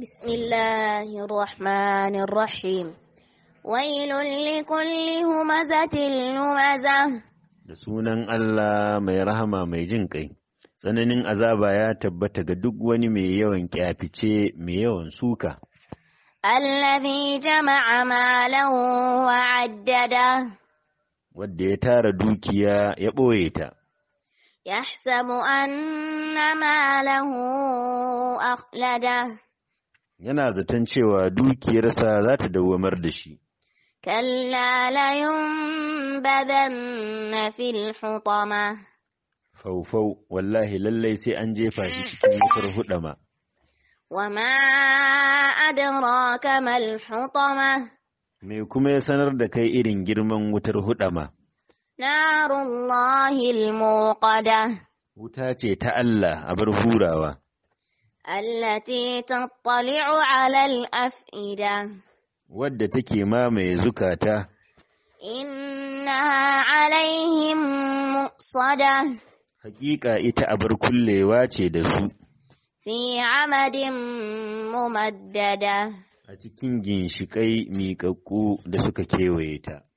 بسم الله الرحمن الرحيم ويل لكل همزة لمزة da sunan Allah mai rahama mai jin tsananin azaba ya tabbata ga duk wani mai yawan ƙyafice mai yawan suka. Allazi jama'a malahu wa addada. Wadda ya tara dukiya ya ɓoye ta. Yahsabu annama lahu akhlada. yana zaton cewa dukiyarsa za ta dawamar da shi. Kalla na fil hutama. Faufau, wallahi lallai sai an jefa shi cikin wutar hudama. Wama adraka mal hutama. Me kuma ya sanar da kai irin girman wutar hudama? Narullahil muqada. Wuta ce ta Allah a bar hurawa. Allati tattali'u ala al-af'ida Wadda take mamaye zukata Innaha 'alayhim muqsadah Haqiqa ita abar kullewa ce da su Fi 'amadin mumaddada A cikin ginshikai miƙaƙƙu da suka kewaye ta